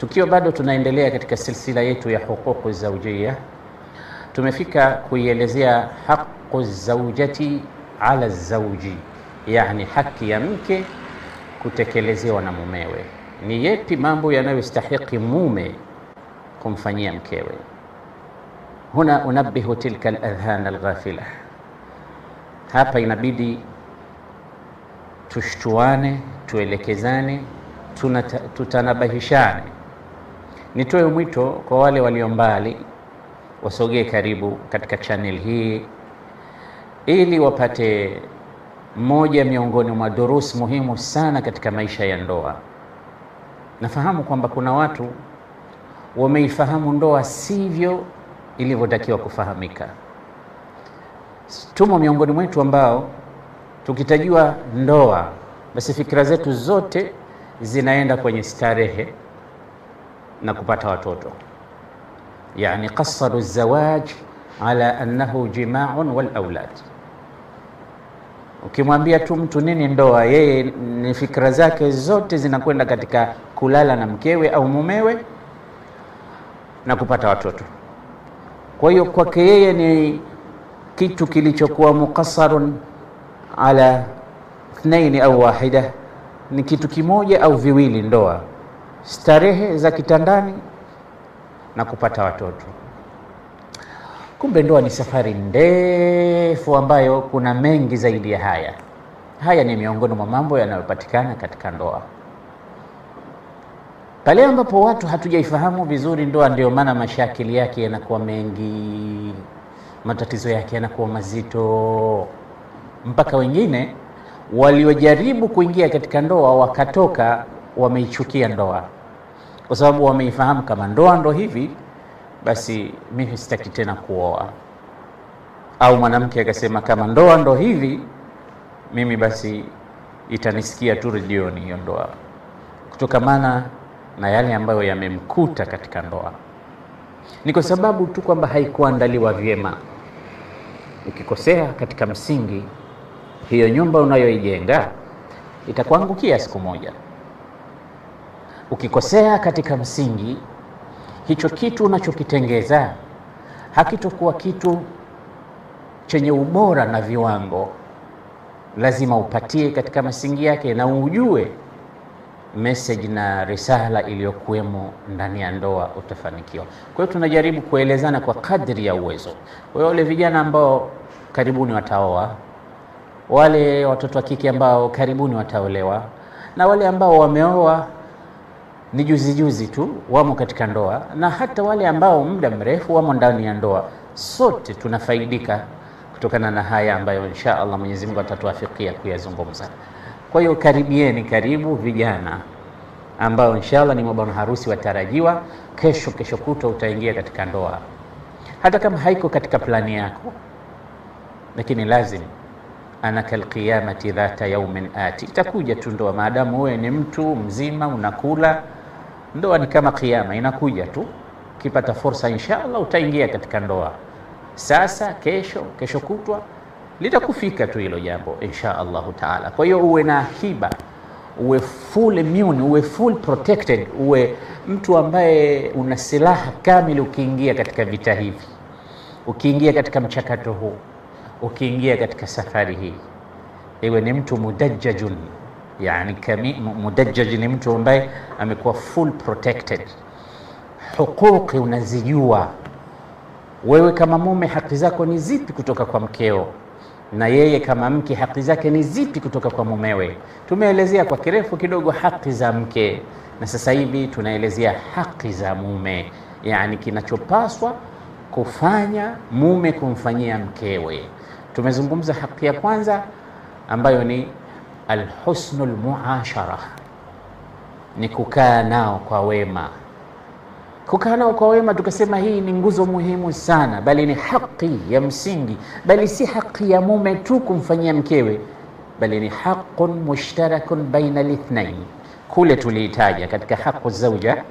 Tukiwa bado tunaendelea katika silsila yetu ya huququ zawjia, tumefika kuielezea haqu zaujati ala zawji, yani haki ya mke kutekelezewa na mumewe. Ni yepi mambo yanayostahiki mume kumfanyia mkewe? Huna unabihu tilka aladhan alghafila, hapa inabidi tushtuane, tuelekezane, tutanabahishane Nitoe mwito kwa wale walio mbali wasogee karibu katika channel hii ili wapate moja miongoni mwa durusi muhimu sana katika maisha ya ndoa. Nafahamu kwamba kuna watu wameifahamu ndoa sivyo ilivyotakiwa kufahamika. Tumo miongoni mwetu ambao tukitajua ndoa, basi fikira zetu zote zinaenda kwenye starehe na kupata watoto, yani qasaru zawaj ala annahu jimaun wal aulad. Ukimwambia tu mtu nini ndoa, yeye ni fikra zake zote zinakwenda katika kulala na mkewe au mumewe na kupata watoto. Kwa hiyo kwake yeye ni kitu kilichokuwa mukasarun ala thnaini au wahida, ni kitu kimoja au viwili ndoa starehe za kitandani na kupata watoto. Kumbe ndoa ni safari ndefu ambayo kuna mengi zaidi ya haya. Haya ni miongoni mwa mambo yanayopatikana katika ndoa. Pale ambapo watu hatujaifahamu vizuri ndoa, ndio maana mashakili yake yanakuwa mengi, matatizo yake yanakuwa mazito, mpaka wengine waliojaribu kuingia katika ndoa wakatoka wameichukia ndoa, kwa sababu wameifahamu kama ndoa ndo hivi, basi mimi sitaki tena kuoa. Au mwanamke akasema kama ndoa ndo hivi, mimi basi itanisikia tu redioni hiyo ndoa, kutokamana na yale ambayo yamemkuta katika ndoa. Ni kwa sababu tu kwamba haikuandaliwa vyema. Ukikosea katika msingi, hiyo nyumba unayoijenga itakuangukia siku moja. Ukikosea katika msingi, hicho kitu unachokitengeza hakitokuwa kitu chenye ubora na viwango. Lazima upatie katika msingi yake na ujue message na risala iliyokuwemo ndani ya ndoa, utafanikiwa. Kwa hiyo tunajaribu kuelezana kwa kadri ya uwezo. Kwa hiyo wale vijana ambao karibuni wataoa, wale watoto wa kike ambao karibuni wataolewa, na wale ambao wameoa ni juzi juzi tu wamo katika ndoa, na hata wale ambao muda mrefu wamo ndani ya ndoa, sote tunafaidika kutokana na haya ambayo insha Allah Mwenyezi Mungu atatuafikia kuyazungumza. Kwa hiyo karibieni, karibu vijana ambao insha Allah ni mabwana harusi watarajiwa. Kesho kesho kutwa utaingia katika ndoa, hata kama haiko katika plani yako, lakini lazima ana kalqiyamati dhata yaumin ati, itakuja tu ndoa. Maadamu wewe ni mtu mzima unakula Ndoa ni kama kiama, inakuja tu. Ukipata fursa, insha utaingia katika ndoa, sasa, kesho, kesho kutwa, litakufika tu hilo jambo insha Allahu taala. Kwa hiyo uwe na akiba, uwe full immune, uwe full protected, uwe mtu ambaye una silaha kamili ukiingia katika vita hivi, ukiingia katika mchakato huu, ukiingia katika safari hii, iwe ni mtu mudajjajun yani kami, mudajjaji ni mtu ambaye amekuwa full protected, hukuki unazijua wewe kama mume, haki zako ni zipi kutoka kwa mkeo, na yeye kama mke haki zake ni zipi kutoka kwa mumewe. Tumeelezea kwa kirefu kidogo haki za mke, na sasa hivi tunaelezea haki za mume, yani kinachopaswa kufanya mume kumfanyia mkewe. Tumezungumza haki ya kwanza ambayo ni alhusnu lmuashara ni kukaa nao kwa wema. Kukaa nao kwa wema, tukasema hii ni nguzo muhimu sana, bali ni haki ya msingi, bali si haki ya mume tu kumfanyia mkewe, bali ni haqun mushtarakun baina lithnain. Kule tuliitaja katika haqu zauja,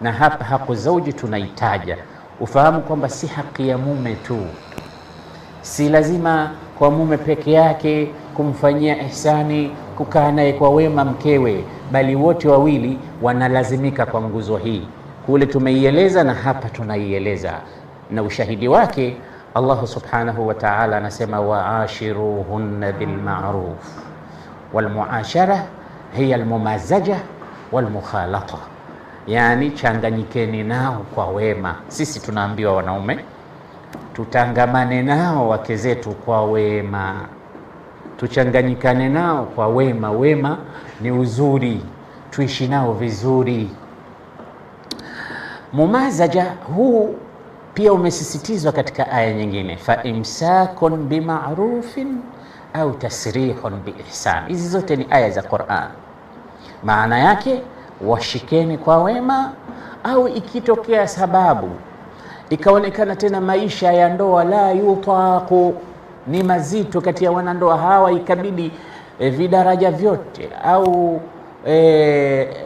na hapa haqu zauji tunaitaja. Ufahamu kwamba si haki ya mume tu, si lazima kwa mume peke yake kumfanyia ihsani, kukaa naye kwa wema mkewe, bali wote wawili wanalazimika kwa nguzo hii. Kule tumeieleza na hapa tunaieleza, na ushahidi wake Allahu subhanahu wa ta'ala anasema, waashiruhunna bilmaruf walmuashara hiya almumazaja walmukhalata, yani changanyikeni nao kwa wema. Sisi tunaambiwa wanaume tutangamane nao wake zetu kwa wema tuchanganyikane nao kwa wema. Wema ni uzuri, tuishi nao vizuri. Mumazaja huu pia umesisitizwa katika aya nyingine, fa imsakun bimarufin au tasrihun biihsan. Hizi zote ni aya za Qur'an. Maana yake washikeni kwa wema, au ikitokea sababu ikaonekana tena maisha ya ndoa la yutaqu ni mazito kati ya wanandoa hawa, ikabidi e, vidaraja vyote au e,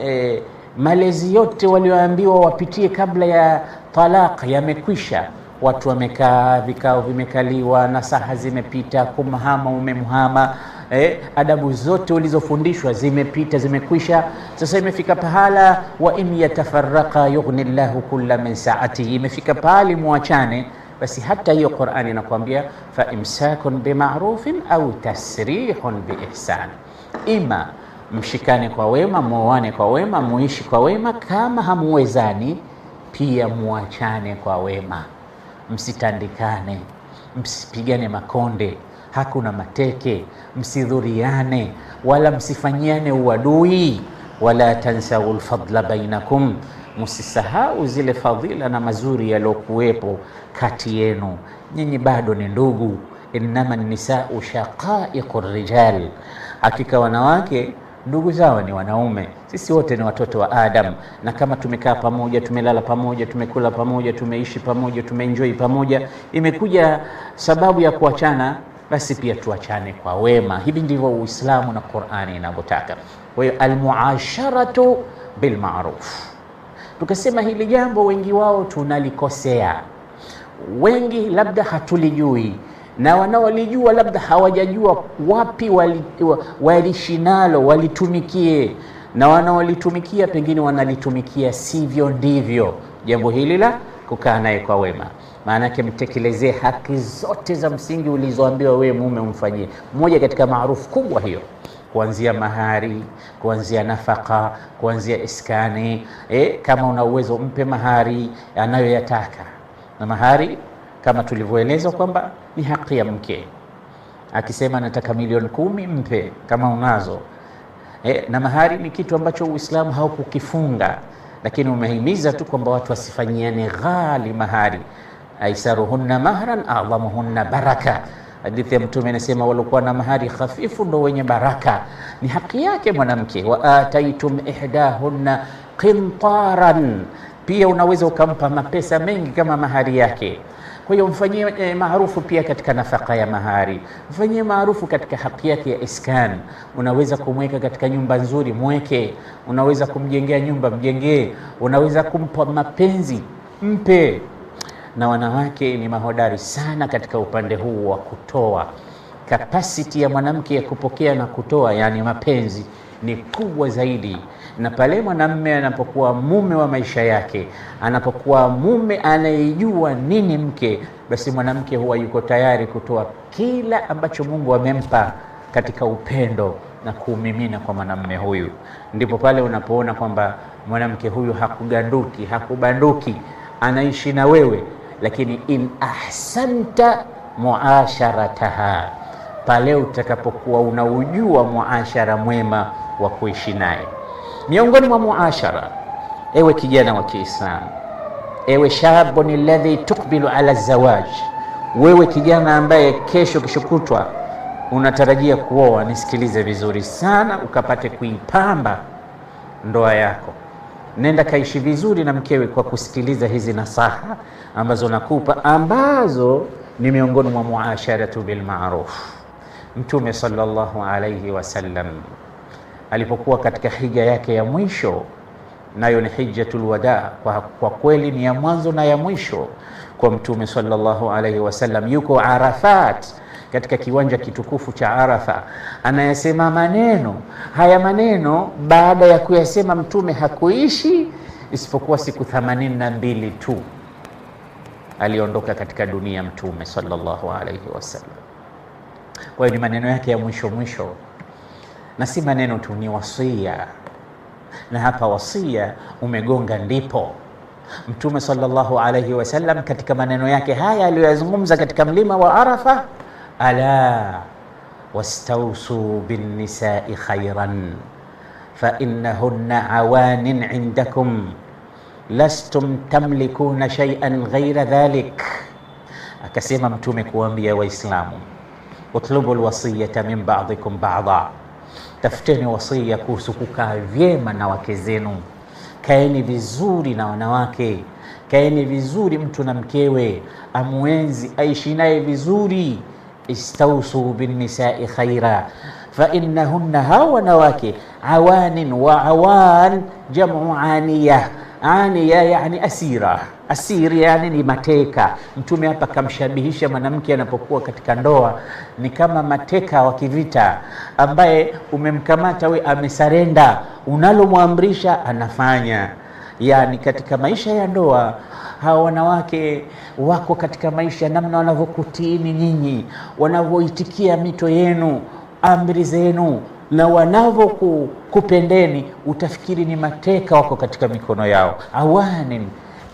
e, malezi yote walioambiwa wapitie kabla ya talaq yamekwisha. Watu wamekaa vikao, vimekaliwa na saha zimepita, kumhama umemhama, e, adabu zote ulizofundishwa zimepita, zimekwisha. Sasa imefika pahala wa in yatafarraqa yughni llahu kulla min saatihi, imefika pahali muachane basi hata hiyo Qur'ani inakuambia fa imsakun bimarufin au tasrihun biihsan, ima mshikane kwa wema, muoane kwa wema, muishi kwa wema. Kama hamuwezani pia muachane kwa wema, msitandikane, msipigane makonde, hakuna mateke, msidhuriane wala msifanyiane uadui, wala tansau fadla bainakum msisahau zile fadhila na mazuri yaliyokuwepo kati yenu, nyinyi bado ni ndugu. Innama nisau shaqaiqu rijal, hakika wanawake ndugu zao ni wanaume. Sisi wote ni watoto wa Adam, na kama tumekaa pamoja, tumelala pamoja, tumekula pamoja, tumeishi pamoja, tumeenjoy pamoja, imekuja sababu ya kuachana, basi pia tuachane kwa wema. Hivi ndivyo Uislamu na Qur'ani inavyotaka. Kwa hiyo almuasharatu bilmarufu tukasema hili jambo wengi wao tunalikosea, wengi labda hatulijui, na wanaolijua labda hawajajua wapi walishi wali walitumikie, na wanaolitumikia pengine wanalitumikia sivyo ndivyo. Jambo hili la kukaa naye kwa wema maanake mtekelezee haki zote za msingi ulizoambiwa wewe mume umfanyie. Mmoja katika maarufu kubwa hiyo kuanzia mahari, kuanzia nafaka, kuanzia iskani. E, kama una uwezo mpe mahari anayoyataka, na mahari kama tulivyoelezwa kwamba ni haki ya mke. Akisema nataka milioni kumi, mpe kama unazo. E, na mahari ni kitu ambacho Uislamu haukukifunga, lakini umehimiza tu kwamba watu wasifanyiane ghali mahari. aisaruhunna mahran adhamuhunna baraka Hadithi ya Mtume inasema walikuwa na mahari hafifu ndo wenye baraka. Ni haki yake mwanamke, wa ataitum ihdahunna qintaran, pia unaweza ukampa mapesa mengi kama mahari yake. Kwa hiyo mfanyie eh, maarufu pia katika nafaka ya mahari, mfanyie maarufu katika haki yake ya iskan. Unaweza kumweka katika nyumba nzuri, mweke. Unaweza kumjengea nyumba, mjengee. Unaweza kumpa mapenzi, mpe na wanawake ni mahodari sana katika upande huu wa kutoa. Kapasiti ya mwanamke ya kupokea na kutoa, yani mapenzi, ni kubwa zaidi. Na pale mwanamme anapokuwa mume wa maisha yake, anapokuwa mume anayejua nini mke, basi mwanamke huwa yuko tayari kutoa kila ambacho Mungu amempa katika upendo na kuumimina kwa mwanamme huyu. Ndipo pale unapoona kwamba mwanamke huyu hakuganduki, hakubanduki, anaishi na wewe lakini in ahsanta muasharataha, pale utakapokuwa unaujua muashara mwema wa kuishi naye. Miongoni mwa muashara, ewe kijana wa Kiislamu, ewe shabun alladhi tukbilu ala zawaj, wewe kijana ambaye kesho kishokutwa unatarajia kuoa, nisikilize vizuri sana, ukapate kuipamba ndoa yako nenda kaishi vizuri na mkewe kwa kusikiliza hizi nasaha ambazo nakupa, ambazo ni miongoni mwa muasharatu bilmaruf. Mtume sallallahu alayhi wasallam alipokuwa katika hija yake ya mwisho, nayo ni hijjatul wada, kwa, kwa kweli ni ya mwanzo na ya mwisho kwa Mtume sallallahu alayhi wasallam, yuko Arafat katika kiwanja kitukufu cha Arafa, anayesema maneno haya. Maneno baada ya kuyasema Mtume hakuishi isipokuwa siku 82 tu, aliondoka katika dunia Mtume sallallahu alaihi wasallam. Kwa hiyo ni maneno yake ya mwisho mwisho, na si maneno tu, ni wasia. Na hapa wasia umegonga ndipo Mtume sallallahu alaihi wasallam katika maneno yake haya aliyoyazungumza katika mlima wa Arafa الا واستوصوا بالنساء خيرا فانهن عوان عندكم لستم تملكون شيئا غير ذلك اكسيما متومي كوامبيا واسلام اطلبوا الوصيه من بعضكم بعضا تفتني وصيه كوسكوكا فيما نواكزينو كايني بزوري نواناواكي كايني بزوري متونا مكيوي اموينزي أيشيناي بزوري istausu binnisai khaira fainnahunna, hawa wanawake awanin wa awan jamu aniya aniya yani asira asiri yani ni mateka. Mtume hapa kamshabihisha mwanamke anapokuwa katika ndoa ni kama mateka wa kivita ambaye umemkamata we, amesarenda, unalomwamrisha anafanya. Yani katika maisha ya ndoa hawa wanawake wako katika maisha, namna wanavyokutiini nyinyi, wanavyoitikia mito yenu, amri zenu na wanavyokupendeni, utafikiri ni mateka wako katika mikono yao. awanin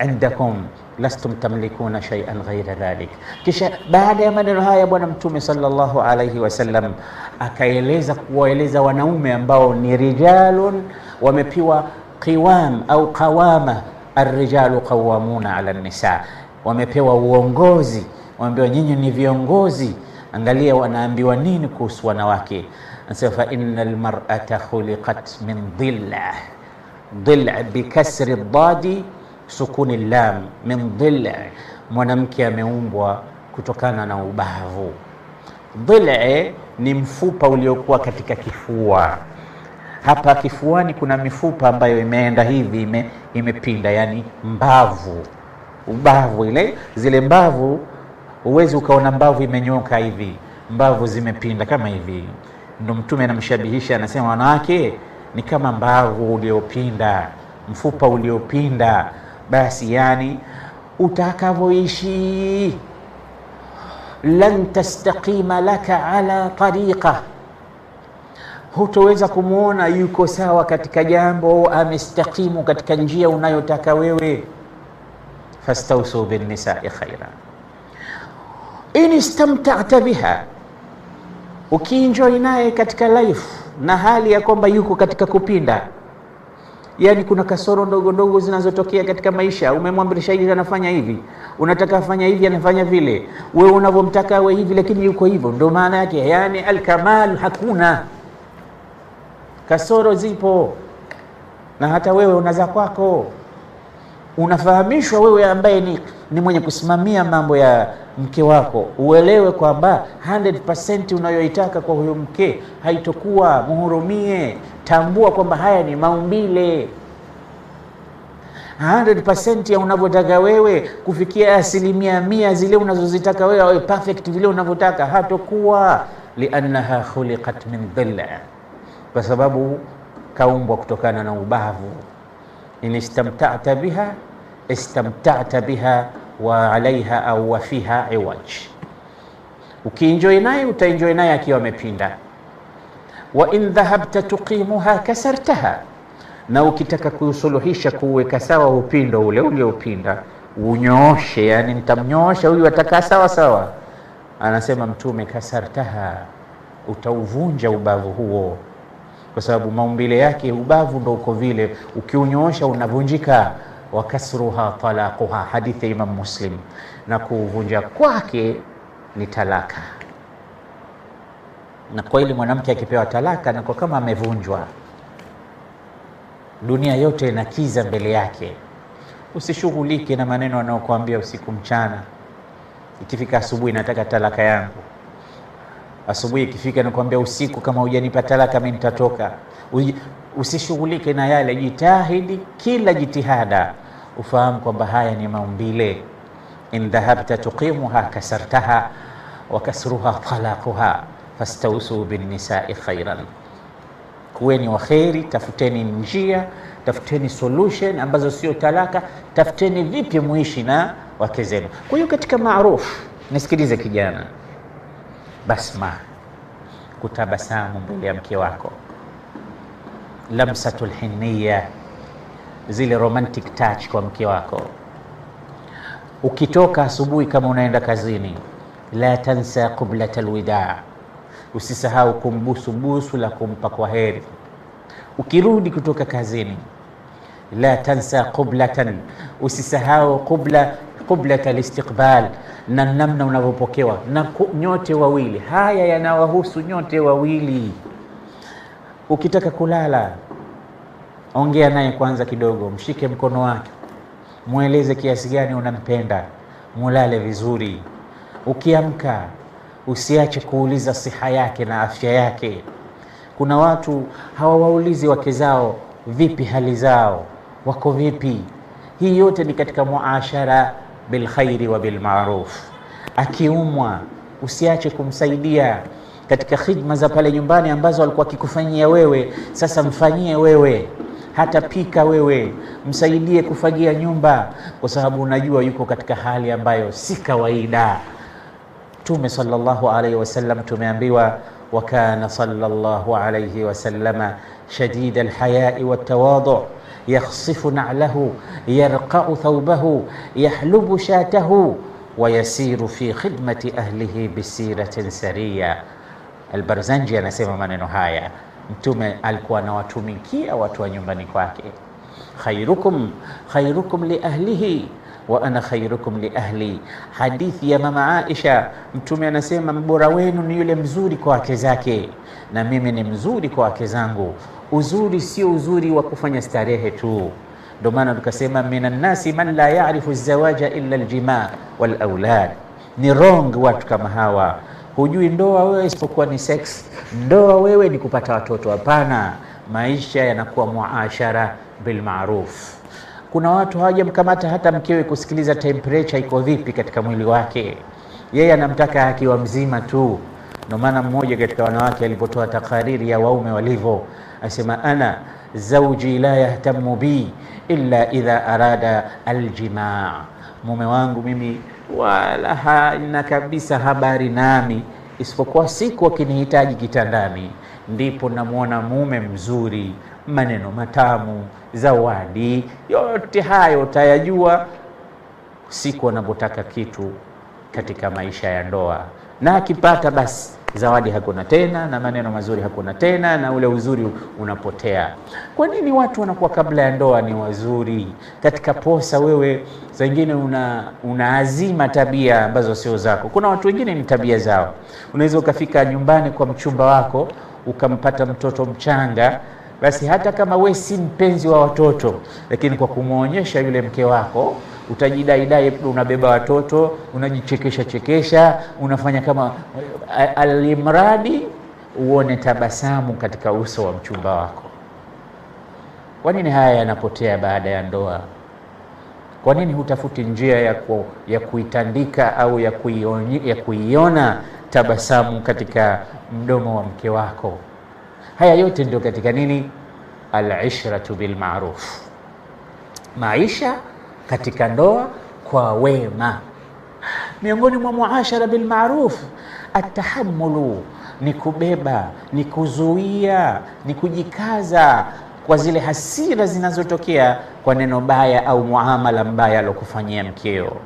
indakum lastum tamlikuna shay'an ghayra dhalik. Kisha baada ya maneno haya Bwana Mtume sallallahu alayhi wasallam akaeleza kuwaeleza wanaume ambao ni rijalun wamepiwa qiwam au qawama arrijalu qawamuna ala nisa, wamepewa uongozi, wameambiwa nyinyi ni viongozi. Angalia wanaambiwa nini kuhusu wanawake, anasema fa innal mar'ata khuliqat min dhilla dhilla bikasri ldadi sukuni lam min dhilla, mwanamke ameumbwa kutokana na ubavu. Dhilla ni mfupa uliokuwa katika kifua hapa kifuani kuna mifupa ambayo imeenda hivi ime, imepinda yani mbavu ubavu ile zile mbavu huwezi ukaona mbavu imenyoka hivi mbavu zimepinda kama hivi ndo mtume anamshabihisha anasema wanawake ni kama mbavu uliopinda mfupa uliopinda basi yani utakavyoishi lan tastaqima laka ala tariqa hutoweza kumwona yuko sawa katika jambo, amestakimu katika njia unayotaka wewe. fastausu binisai khaira in istamtata biha, ukienjoy naye katika life na hali ya kwamba yuko katika kupinda yani kuna kasoro ndogo ndogo zinazotokea katika maisha. Umemwamrisha hivi, anafanya hivi, unataka afanya hivi, anafanya vile, wewe unavyomtaka awe hivi, lakini yuko hivyo. Ndio maana yake, yani alkamal hakuna kasoro zipo, na hata wewe unaza kwako, unafahamishwa wewe ambaye ni, ni mwenye kusimamia mambo ya mke wako, uelewe kwamba 100% unayoitaka kwa huyo mke haitokuwa. Muhurumie, tambua kwamba haya ni maumbile. 100% ya unavyotaka wewe kufikia asilimia mia zile unazozitaka wewe awe perfect vile unavyotaka hatokuwa, liannaha khuliqat min dhilla kwa sababu kaumbwa kutokana na ubavu. In istamtata biha istamtata biha wa alaiha au fiha iwaj, ukienjoy naye utaenjoy naye akiwa amepinda. Wa in dhahabta tuqimuha kasartaha, na ukitaka kusuluhisha kuuweka sawa upindo ule uliopinda unyooshe, yani nitamnyoosha huyu atakaa sawa sawa. Anasema Mtume kasartaha, utauvunja ubavu huo kwa sababu maumbile yake ubavu ndo uko vile, ukiunyoosha unavunjika. wa kasruha talaquha, hadithi ya Imam Muslim, na kuvunja kwake ni talaka. Na kweli mwanamke akipewa talaka na kwa kama amevunjwa, dunia yote inakiza mbele yake. Usishughulike na maneno anayokuambia usiku mchana, ikifika asubuhi, nataka talaka yangu asubuhi ikifika nakwambia, usiku kama hujanipa talaka mi nitatoka. Usishughulike na yale, jitahidi kila jitihada, ufahamu kwamba haya ni maumbile. in dhahabta tuqimuha kasartaha wa kasruha talaquha fastausuu binisai khairan. Kuweni wa kheri, tafuteni njia, tafuteni solution ambazo sio talaka, tafuteni vipi muishi na wake zenu. Kwa hiyo katika maarufu, nisikilize kijana basma, kutabasamu mbele ya mke wako, lamsatu lhinniya zile romantic touch kwa mke wako. Ukitoka asubuhi kama unaenda kazini, la tansa qublat alwida, usisahau kumbusu busu la kumpa kwa heri. Ukirudi kutoka kazini, la tansa qublatan usisahau qubla qiblata listiqbal, na namna unavyopokewa na nyote wawili. Haya yanawahusu nyote wawili. Ukitaka kulala, ongea naye kwanza kidogo, mshike mkono wake, mweleze kiasi gani unampenda, mulale vizuri. Ukiamka usiache kuuliza siha yake na afya yake. Kuna watu hawawaulizi wake zao vipi hali zao, wako vipi. Hii yote ni katika muashara bilkhairi wa bilmaruf, akiumwa usiache kumsaidia katika khidma za pale nyumbani ambazo alikuwa akikufanyia wewe, sasa mfanyie wewe, hata pika wewe, msaidie kufagia nyumba, kwa sababu unajua yuko katika hali ambayo si kawaida. Mtume sallallahu alaihi wasallam tumeambiwa, wa kana sallallahu alaihi wasallama shadida alhayai waltawadhu yakhsifu na'lahu yarqa'u thawbahu yahlubu shatahu wayasiru fi khidmati ahlihi bisiratin saria. Albarzanji anasema maneno haya, Mtume alikuwa anawatumikia watu wa nyumbani kwake, khairukum khairukum li ahlihi wa ana khairukum li ahli. Hadithi ya mama Aisha, Mtume anasema mbora wenu ni yule mzuri kwa wake zake, na mimi ni mzuri kwa wake zangu uzuri sio uzuri wa kufanya starehe tu. Ndio maana tukasema minan nasi man la yaarifu zawaja illa aljima wal aulad. Ni wrong watu kama hawa, hujui ndoa wewe isipokuwa ni sex. Ndoa wewe ni kupata watoto? Hapana, maisha yanakuwa muashara bil ma'ruf. Kuna watu hawajamkamata hata mkewe kusikiliza temperature iko vipi katika mwili wake, yeye anamtaka akiwa mzima tu. Ndio maana mmoja katika wanawake alipotoa takariri ya waume walivyo, asema ana zauji la yahtamu bi illa idha arada aljimaa, mume wangu mimi wala haina kabisa habari nami isipokuwa siku akinihitaji kitandani, ndipo namwona mume mzuri, maneno matamu, zawadi, yote hayo utayajua siku anapotaka kitu katika maisha ya ndoa na akipata basi zawadi hakuna tena na maneno mazuri hakuna tena na ule uzuri unapotea. Kwa nini watu wanakuwa kabla ya ndoa ni wazuri? Katika posa wewe zingine una unaazima tabia ambazo sio zako. Kuna watu wengine ni tabia zao. Unaweza ukafika nyumbani kwa mchumba wako ukampata mtoto mchanga basi hata kama we si mpenzi wa watoto, lakini kwa kumwonyesha yule mke wako utajidaidai, unabeba watoto, unajichekesha chekesha, unafanya kama eh, alimradi uone tabasamu katika uso wa mchumba wako. Kwa nini haya yanapotea baada ya ndoa? Kwa nini hutafuti njia ya, ku, ya kuitandika au ya kuiona tabasamu katika mdomo wa mke wako? Haya yote ndio katika nini, alishratu bilmaruf, maisha katika ndoa kwa wema. Miongoni mwa muashara bilmaruf atahamulu ni kubeba, ni kuzuia, ni kujikaza kwa zile hasira zinazotokea kwa neno baya au muamala mbaya alokufanyia mkeo.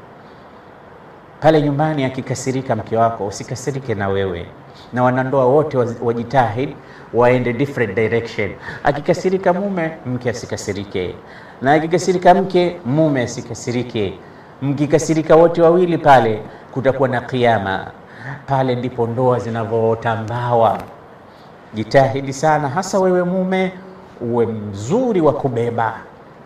Pale nyumbani akikasirika mke wako, usikasirike na wewe na wanandoa wote wajitahidi waende different direction. Akikasirika mume, mke asikasirike, na akikasirika mke, mume asikasirike. Mkikasirika wote wawili pale, kutakuwa na kiama. Pale ndipo ndoa zinavyotambawa Jitahidi sana, hasa wewe mume, uwe mzuri wa kubeba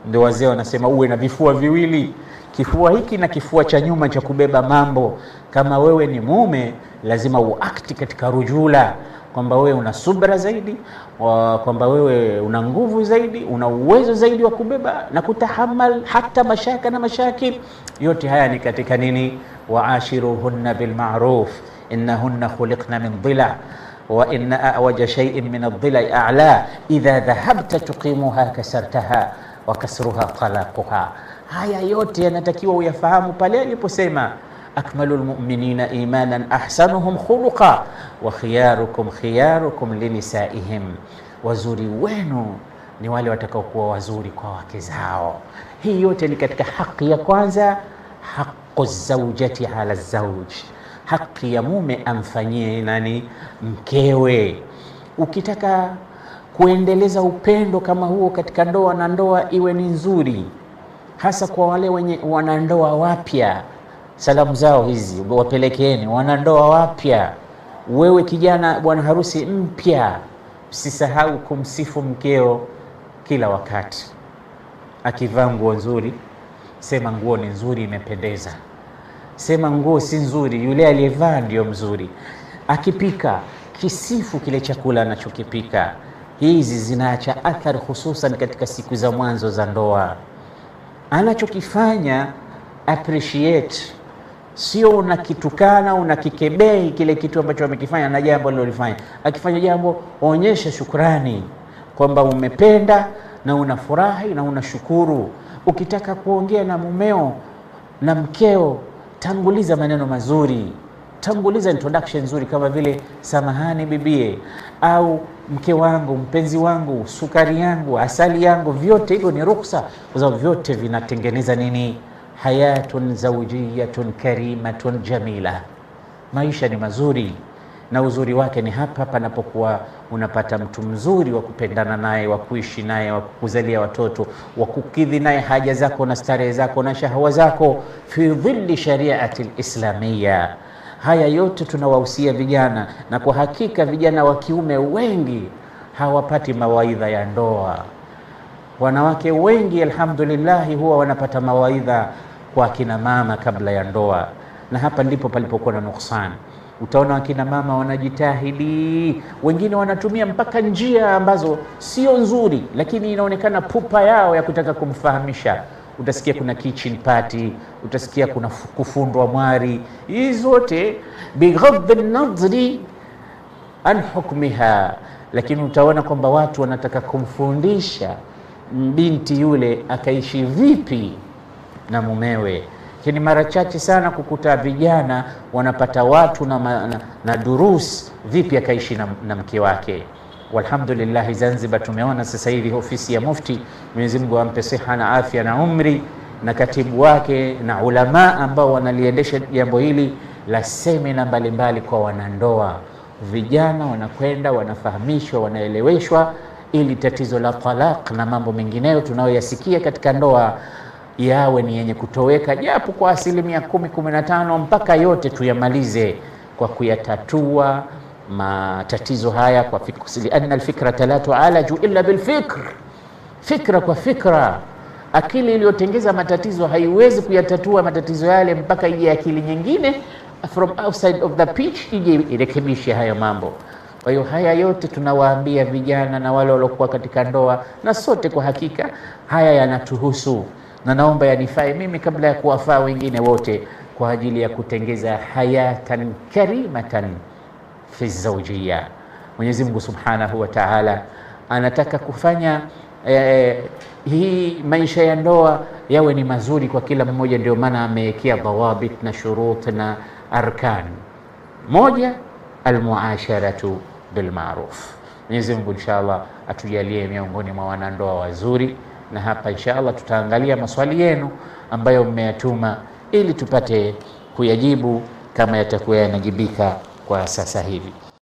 Ndio Wazee wanasema uwe na vifua viwili kifua hiki na kifua cha nyuma cha kubeba mambo. Kama wewe ni mume, lazima uakti katika rujula, kwamba wewe una subra zaidi, kwamba wewe una nguvu zaidi, una uwezo zaidi wa kubeba na kutahamal hata mashaka na mashakil. Yote haya ni katika nini? waashiruhunna bilmaruf innahunna khuliqna min dhila wa inna awaja shay'in min adh-dhilai a'la idha dhahabta tuqimuha kasartaha wa kasruha talaquha haya yote yanatakiwa uyafahamu pale aliposema akmalu lmuminina imanan ahsanuhum khuluqa wa khiyarukum khiyarukum linisaihim, wazuri wenu ni wale watakaokuwa wazuri kwa wake zao. Hii yote ni katika haki ya kwanza, haqu zaujati ala zauj, haki ya mume amfanyie nani? Mkewe. Ukitaka kuendeleza upendo kama huo katika ndoa na ndoa iwe ni nzuri hasa kwa wale wenye wanandoa wapya. Salamu zao hizi wapelekeeni wanandoa wapya, wewe kijana, bwana harusi mpya, msisahau kumsifu mkeo kila wakati. Akivaa nguo nzuri, sema nguo ni nzuri, imependeza. Sema nguo si nzuri, yule aliyevaa ndio mzuri. Akipika, kisifu kile chakula anachokipika. Hizi zinaacha athari, hususan katika siku za mwanzo za ndoa anachokifanya appreciate, sio unakitukana unakikebei kile kitu ambacho amekifanya na jambo alilolifanya. Akifanya jambo, onyesha shukrani kwamba umependa na unafurahi na unashukuru. Ukitaka kuongea na mumeo na mkeo, tanguliza maneno mazuri, tanguliza introduction nzuri, kama vile samahani bibie, au mke wangu, mpenzi wangu, sukari yangu, asali yangu, vyote hivyo ni ruksa, kwa sababu vyote vinatengeneza nini? Hayatun zaujiyatun karimatun jamila, maisha ni mazuri na uzuri wake ni hapa panapokuwa unapata mtu mzuri wa kupendana naye, wa kuishi naye, wa kukuzalia watoto, wa kukidhi naye haja zako na starehe zako na shahawa zako, fi dhilli shariati lislamiya Haya yote tunawahusia vijana, na kwa hakika vijana wa kiume wengi hawapati mawaidha ya ndoa. Wanawake wengi alhamdulillahi huwa wanapata mawaidha kwa akina mama kabla ya ndoa, na hapa ndipo palipokuwa na nuksani. Utaona wakina mama wanajitahidi, wengine wanatumia mpaka njia ambazo sio nzuri, lakini inaonekana pupa yao ya kutaka kumfahamisha utasikia kuna kitchen party, utasikia kuna kufundwa mwari. Hizi zote bighadhi nadhri an hukmiha, lakini utaona kwamba watu wanataka kumfundisha binti yule akaishi vipi na mumewe. Lakini mara chache sana kukuta vijana wanapata watu na, na, na durus vipi akaishi na, na mke wake. Walhamdulillahi, Zanzibar tumeona sasa hivi ofisi ya Mufti, Mwenyezi Mungu ampe siha na afya na umri na katibu wake na ulama ambao wanaliendesha jambo hili la semina mbalimbali kwa wanandoa. Vijana wanakwenda wanafahamishwa, wanaeleweshwa ili tatizo la talaq na mambo mengineyo tunayoyasikia katika ndoa yawe ni yenye kutoweka japo kwa asilimia kumi, kumi na tano mpaka yote tuyamalize kwa kuyatatua matatizo haya kwa lianna alfikrata la tualaju illa bilfikr, fikra kwa fikra. Akili iliyotengeza matatizo haiwezi kuyatatua matatizo yale mpaka ije akili nyingine from outside of the pitch ije irekebishe hayo mambo. Kwa hiyo haya yote tunawaambia vijana na wale waliokuwa katika ndoa, na sote kwa hakika haya yanatuhusu, na naomba yanifae mimi kabla ya kuwafaa wengine wote, kwa ajili ya kutengeza hayatan karimatan fi zawjia. Mwenyezi Mungu Subhanahu wa Ta'ala anataka kufanya eh, eh, hii maisha ya ndoa yawe ni mazuri kwa kila mmoja, ndio maana amewekea dhawabit na shurut na arkan. Moja, almuasharatu bilmaruf. Mwenyezi Mungu inshallah atujalie miongoni mwa wanandoa wazuri, na hapa inshallah tutaangalia maswali yenu ambayo mmeyatuma ili tupate kuyajibu kama yatakuwa yanajibika. kwa sasa hivi.